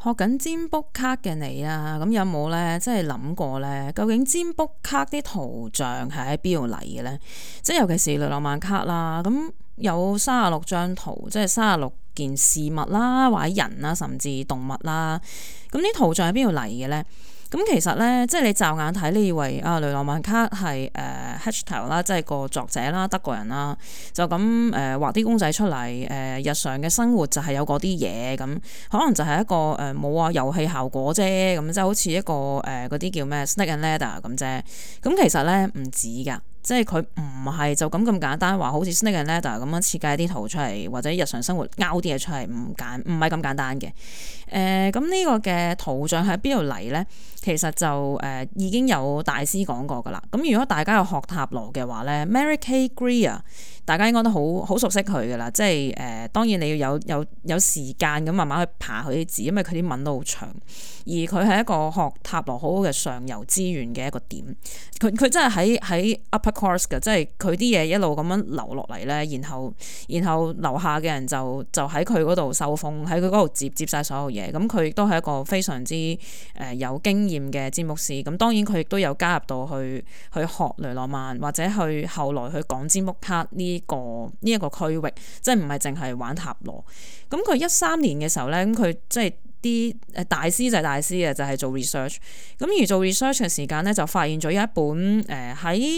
學緊占卜卡嘅你啊，咁有冇咧，即係諗過咧？究竟占卜卡啲圖像係喺邊度嚟嘅咧？即係尤其是雷諾曼卡啦，咁有三十六張圖，即係三十六件事物啦，或者人啦，甚至動物啦，咁啲圖像喺邊度嚟嘅咧？咁其實咧，即係你驟眼睇，你以為啊，雷諾曼卡係誒、呃、Hatchtail 啦，即係個作者啦，德國人啦，就咁誒、呃、畫啲公仔出嚟，誒、呃、日常嘅生活就係有嗰啲嘢咁，可能就係一個誒冇啊遊戲效果啫，咁即係好似一個誒嗰啲叫咩 Snake and Ladder 咁啫，咁其實咧唔止噶。即係佢唔係就咁咁簡單，話好似 Sneaker Nerd 咁樣設計啲圖出嚟，或者日常生活勾啲嘢出嚟，唔簡唔係咁簡單嘅。誒、呃，咁、這、呢個嘅圖像喺邊度嚟呢？其實就誒、呃、已經有大師講過噶啦。咁如果大家有學塔羅嘅話呢，Mary Kay Greer。大家應該都好好熟悉佢噶啦，即係誒、呃，當然你要有有有時間咁慢慢去爬佢啲字，因為佢啲文都好長。而佢係一個學塔羅好好嘅上游資源嘅一個點，佢佢真係喺喺 Upper Course 嘅，即係佢啲嘢一路咁樣流落嚟咧，然後然後樓下嘅人就就喺佢嗰度受風，喺佢嗰度接接晒所有嘢。咁佢亦都係一個非常之誒有經驗嘅占卜師。咁當然佢亦都有加入到去去學雷諾曼或者去後來去講占卜卡呢。呢、個呢一、個區域，即係唔係淨係玩塔羅。咁佢一三年嘅時候咧，咁佢即係啲誒大師就係大師嘅，就係、是、做 research。咁而做 research 嘅時間咧，就發現咗有一本誒喺、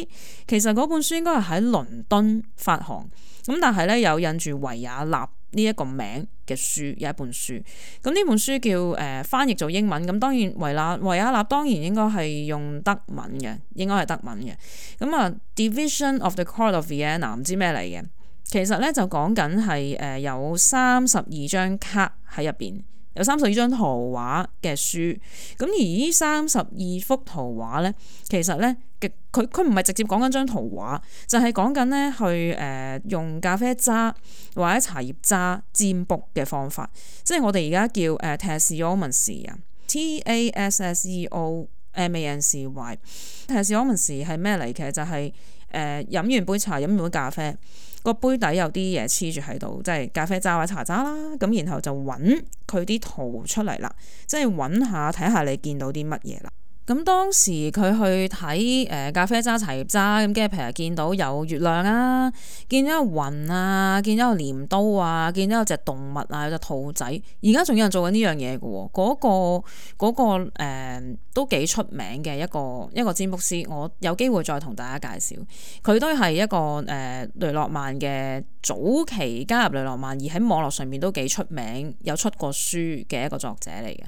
呃，其實嗰本書應該係喺倫敦發行。咁但係咧，有引住維也納。呢一個名嘅書有一本書，咁呢本書叫誒、呃、翻譯做英文，咁當然維拉維也納當然應該係用德文嘅，應該係德文嘅，咁、呃、啊 Division of the Court of Vienna 唔知咩嚟嘅，其實咧就講緊係誒有三十二張卡喺入邊。有三十二張圖畫嘅書，咁而呢三十二幅圖畫呢，其實呢，極佢佢唔係直接講緊張圖畫，就係講緊呢去誒用咖啡渣或者茶葉渣占卜嘅方法，即係我哋而家叫誒 Tasseomancy 啊，T A S S E O M A N C Y，Tasseomancy 係咩嚟嘅？就係誒飲完杯茶，飲完杯咖啡。個杯底有啲嘢黐住喺度，即係咖啡渣啊、茶渣啦，咁然後就揾佢啲圖出嚟啦，即係揾下睇下你見到啲乜嘢啦。咁當時佢去睇誒咖啡渣、茶葉渣，咁跟住譬如見到有月亮啊，見到雲啊，見咗個鐮刀啊，見咗有隻動物啊，有隻兔仔。而家仲有人做緊呢樣嘢嘅喎，嗰、嗰個、嗰個呃、都幾出名嘅一個一個佔卜師。我有機會再同大家介紹，佢都係一個誒、呃、雷諾曼嘅早期加入雷諾曼而喺網絡上面都幾出名，有出過書嘅一個作者嚟嘅。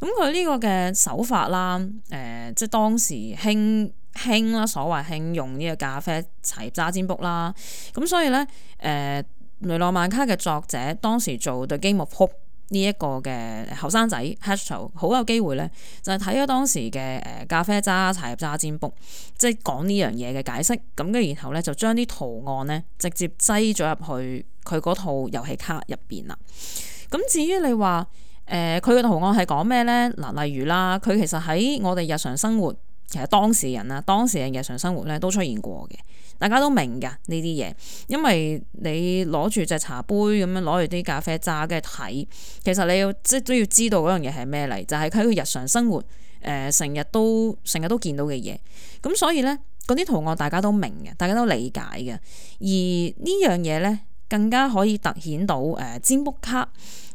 咁佢呢個嘅手法啦，誒、呃。誒，即係當時興興啦，所謂興用呢個咖啡茶葉渣占卜啦，咁所以咧，誒、呃，《雷諾曼卡》嘅作者當時做 The Game of Hope 呢一個嘅後生仔 Hechtel 好有機會咧，就係睇咗當時嘅誒咖啡渣茶葉渣占卜，即係講呢樣嘢嘅解釋，咁跟住然後咧就將啲圖案咧直接擠咗入去佢嗰套遊戲卡入邊啦。咁至於你話，誒佢個圖案係講咩咧？嗱，例如啦，佢其實喺我哋日常生活，其實當事人啊，當事人日常生活咧都出現過嘅，大家都明㗎呢啲嘢，因為你攞住隻茶杯咁樣攞住啲咖啡渣跟住睇，其實你要即都要知道嗰樣嘢係咩嚟，就係喺佢日常生活誒成日都成日都見到嘅嘢，咁所以咧嗰啲圖案大家都明嘅，大家都理解嘅，而呢樣嘢咧。更加可以突顯到誒、呃、占卜卡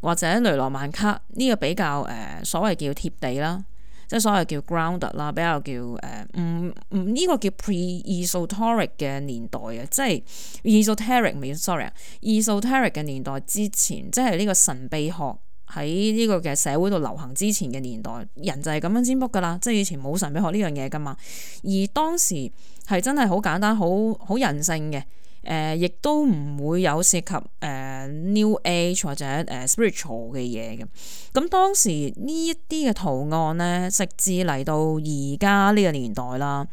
或者雷諾曼卡呢、呢個比較誒、呃、所謂叫貼地啦，即係所謂叫 grounded 啦，比較叫誒唔唔呢個叫 pre-esoteric 嘅年代啊，即係 esoteric，唔係 sorry 啊，esoteric 嘅年代之前，即係呢個神秘學喺呢個嘅社會度流行之前嘅年代，人就係咁樣占卜噶啦，即係以前冇神秘學呢樣嘢噶嘛，而當時係真係好簡單，好好人性嘅。誒，亦都唔會有涉及誒 New Age 或者誒 spiritual 嘅嘢嘅。咁當時呢一啲嘅圖案咧，直至嚟到而家呢個年代啦，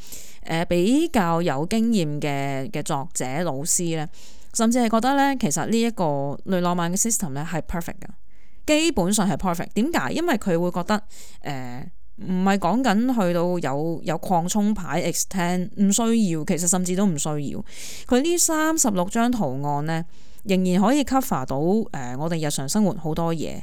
誒比較有經驗嘅嘅作者老師咧，甚至係覺得咧，其實呢一個類浪漫嘅 system 咧係 perfect 㗎，基本上係 perfect。點解？因為佢會覺得誒。呃唔係講緊去到有有擴充牌 extend，唔需要，其實甚至都唔需要。佢呢三十六張圖案呢，仍然可以 cover 到誒，我哋日常生活好多嘢。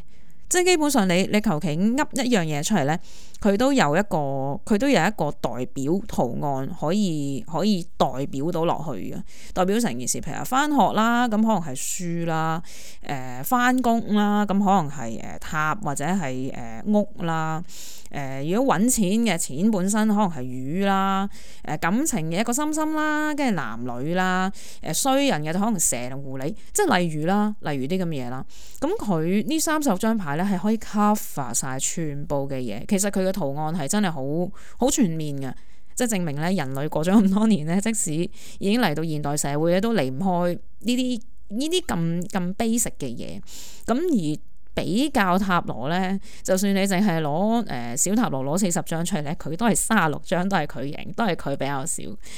即係基本上你你求其噏一樣嘢出嚟咧，佢都有一個佢都有一個代表圖案可以可以代表到落去嘅，代表成件事。譬如話翻學啦，咁可能係書啦，誒翻工啦，咁可能係誒塔或者係誒屋啦。誒、呃、如果揾錢嘅錢本身可能係魚啦，誒感情嘅一個心心啦，跟住男女啦，誒衰人嘅就可能蛇同狐狸，即係例如啦，例如啲咁嘢啦。咁佢呢三十張牌咧，係可以 cover 晒全部嘅嘢，其實佢嘅圖案係真係好好全面嘅，即係證明咧人類過咗咁多年咧，即使已經嚟到現代社會咧，都離唔開呢啲呢啲咁咁 basic 嘅嘢，咁而。比較塔羅咧，就算你淨係攞誒小塔羅攞四十張出嚟咧，佢都係卅六張都係佢贏，都係佢比較少。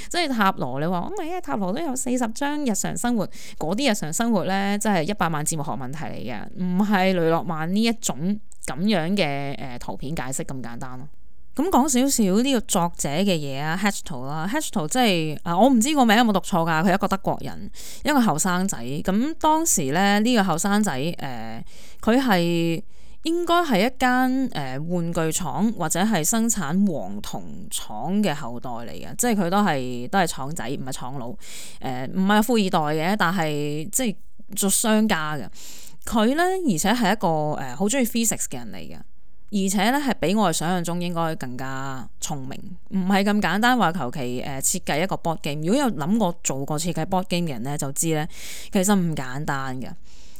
即係塔羅你話我咪啊，塔羅都有四十張日常生活嗰啲日常生活咧，即係一百萬字幕學問題嚟嘅，唔係雷諾曼呢一種咁樣嘅誒、呃、圖片解釋咁簡單咯。咁講少少呢個作者嘅嘢啊 Hechtel 啦 Hechtel 即係啊，我唔知個名有冇讀錯㗎，佢一個德國人，一個後生仔咁當時咧呢、呢個後生仔誒。呃佢係應該係一間誒、呃、玩具廠或者係生產黃銅廠嘅後代嚟嘅，即係佢都係都係廠仔，唔係廠佬，誒、呃，唔係富二代嘅，但係即係做商家嘅。佢咧，而且係一個誒好、呃、中意 physics 嘅人嚟嘅，而且咧係比我哋想象中應該更加聰明，唔係咁簡單話求其誒設計一個 board game。如果有諗過做過設計 board game 嘅人咧，就知咧其實唔簡單嘅。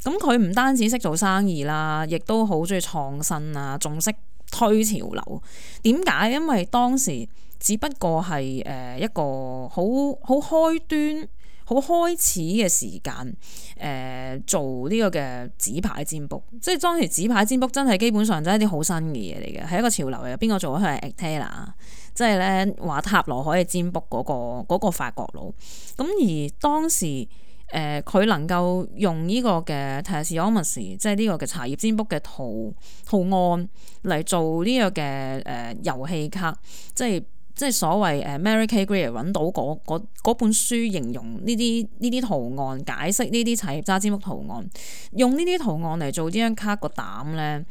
咁佢唔單止識做生意啦，亦都好中意創新啊，仲識推潮流。點解？因為當時只不過係誒一個好好開端、好開始嘅時間，誒、呃、做呢個嘅紙牌占卜，即係當時紙牌占卜，真係基本上真係啲好新嘅嘢嚟嘅，係一個潮流嚟。邊個做啊？係 Etta，、er, 即係咧話塔羅可以占卜嗰、嗰個嗰個法國佬。咁而當時。誒佢、呃、能夠用呢個嘅 tasseomancy 即係呢個嘅茶葉占卜嘅圖圖案嚟做呢樣嘅誒遊戲卡，即係即係所謂誒 Mary K Greer 揾到嗰本書形容呢啲呢啲圖案，解釋呢啲茶葉渣占卜圖案，用呢啲圖案嚟做呢張卡個膽咧，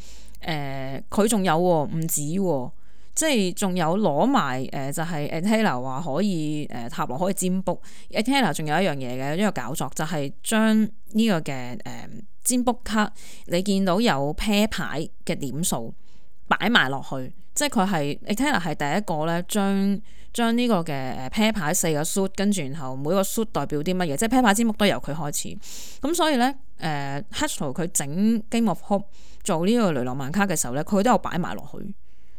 誒佢仲有唔、哦、止喎、哦。即係仲有攞埋誒，就係 Ettaila 話可以誒、呃、塔羅可以占卜。Ettaila 仲有一樣嘢嘅，一個搞作就係將呢個嘅誒、呃、占卜卡，你見到有啤牌嘅點數擺埋落去，即係佢係 Ettaila 係第一個咧，將將呢個嘅啤牌四個 suit，跟住然後每個 suit 代表啲乜嘢，即係啤牌占卜都由佢開始。咁所以咧，誒、呃、Hustle 佢整 Game of Hope 做呢個雷諾曼卡嘅時候咧，佢都有擺埋落去。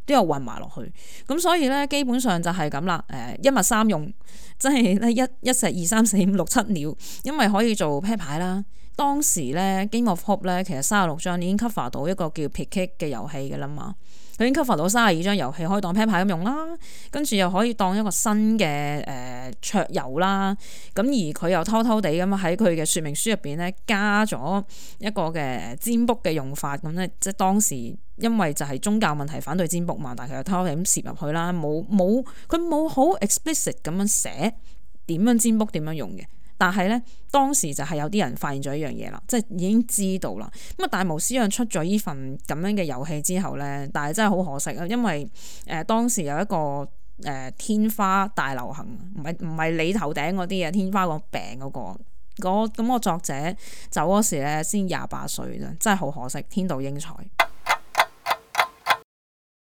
都有混埋落去，咁所以咧基本上就係咁啦，誒、呃、一物三用，即係咧一一石二三四五六七鳥，因為可以做啤牌啦。當時咧，《Game of Hop》咧其實三十六張已經 cover 到一個叫《Pick k i 嘅遊戲嘅啦嘛，佢已經 cover 到三十二張遊戲，可以當 pair 牌咁用啦，跟住又可以當一個新嘅誒桌遊啦。咁、呃、而佢又偷偷地咁喺佢嘅說明書入邊咧加咗一個嘅占卜嘅用法，咁咧即係當時因為就係宗教問題反對占卜嘛，但係佢又偷偷咁攝入去啦，冇冇佢冇好 explicit 咁樣寫點樣占卜點樣用嘅。但係咧，當時就係有啲人發現咗一樣嘢啦，即係已經知道啦。咁啊，大無思量出咗呢份咁樣嘅遊戲之後咧，但係真係好可惜啊，因為誒、呃、當時有一個誒、呃、天花大流行，唔係唔係你頭頂嗰啲啊，天花個病、嗰個病嗰、嗰個嗰咁、嗰個作者走嗰時咧先廿八歲啫，真係好可惜，天妒英才。